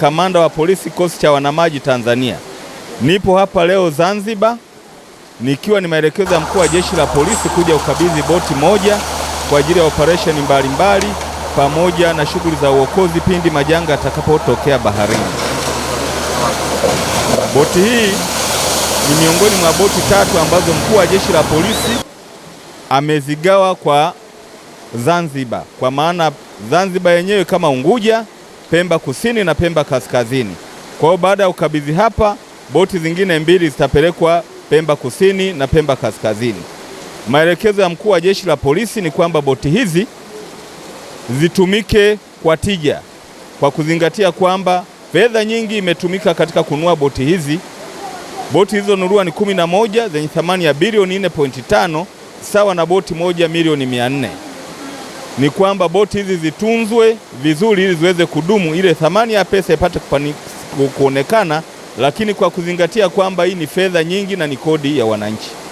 kamanda wa polisi kikosi cha wanamaji Tanzania. Nipo hapa leo Zanzibar nikiwa ni maelekezo ya mkuu wa jeshi la polisi kuja ukabidhi boti moja kwa ajili ya operesheni mbalimbali pamoja na shughuli za uokozi pindi majanga yatakapotokea baharini. Boti hii ni miongoni mwa boti tatu ambazo mkuu wa jeshi la polisi amezigawa kwa Zanzibar, kwa maana Zanzibar yenyewe kama Unguja Pemba Kusini na Pemba Kaskazini. Kwa hiyo baada ya ukabidhi hapa, boti zingine mbili zitapelekwa Pemba Kusini na Pemba Kaskazini. Maelekezo ya mkuu wa jeshi la polisi ni kwamba boti hizi zitumike kwa tija, kwa kuzingatia kwamba fedha nyingi imetumika katika kununua boti hizi. Boti hizo nurua ni kumi na moja zenye thamani ya bilioni 4.5 sawa na boti moja milioni mia nne ni kwamba boti hizi zitunzwe vizuri ili ziweze kudumu, ile thamani ya pesa ipate kuonekana, lakini kwa kuzingatia kwamba hii ni fedha nyingi na ni kodi ya wananchi.